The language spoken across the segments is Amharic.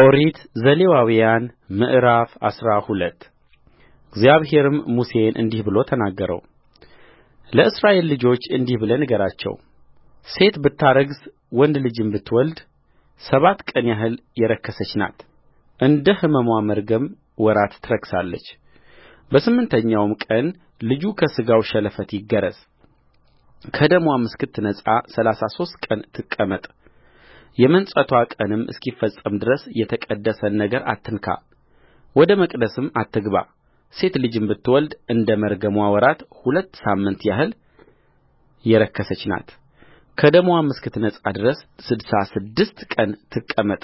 ኦሪት ዘሌዋውያን ምዕራፍ አስራ ሁለት እግዚአብሔርም ሙሴን እንዲህ ብሎ ተናገረውለእስራኤል ልጆች እንዲህ ብለህ ንገራቸው ሴት ብታረግዝ ወንድ ልጅም ብትወልድ ሰባት ቀን ያህል የረከሰች ናት እንደ ሕመሟ መርገም ወራት ትረክሳለች በስምንተኛውም ቀን ልጁ ከሥጋው ሸለፈት ይገረዝ ከደምዋም እስክትነጻ ሠላሳ ሦስት ቀን ትቀመጥ የመንጻትዋ ቀንም እስኪፈጸም ድረስ የተቀደሰን ነገር አትንካ ወደ መቅደስም አትግባ ሴት ልጅም ብትወልድ እንደ መርገምዋ ወራት ሁለት ሳምንት ያህል የረከሰች ናት ከደምዋም እስክትነጻ ድረስ ስድሳ ስድስት ቀን ትቀመጥ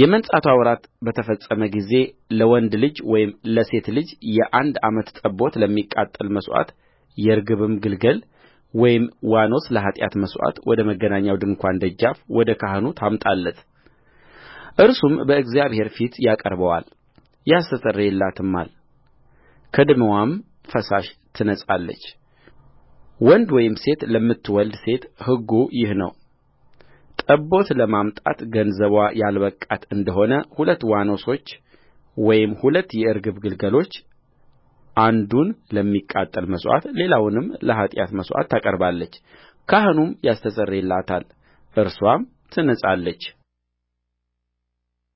የመንጻትዋ ወራት በተፈጸመ ጊዜ ለወንድ ልጅ ወይም ለሴት ልጅ የአንድ ዓመት ጠቦት ለሚቃጠል መሥዋዕት የርግብም ግልገል ወይም ዋኖስ ለኃጢአት መሥዋዕት ወደ መገናኛው ድንኳን ደጃፍ ወደ ካህኑ ታምጣለት እርሱም በእግዚአብሔር ፊት ያቀርበዋል ያስተሰርይላትማል ከደምዋም ፈሳሽ ትነጻለች ወንድ ወይም ሴት ለምትወልድ ሴት ሕጉ ይህ ነው ጠቦት ለማምጣት ገንዘቧ ያልበቃት እንደሆነ ሁለት ዋኖሶች ወይም ሁለት የርግብ ግልገሎች አንዱን ለሚቃጠል መሥዋዕት ሌላውንም ለኃጢአት መሥዋዕት ታቀርባለች ካህኑም ያስተሰርይላታል እርስዋም ትነጻለች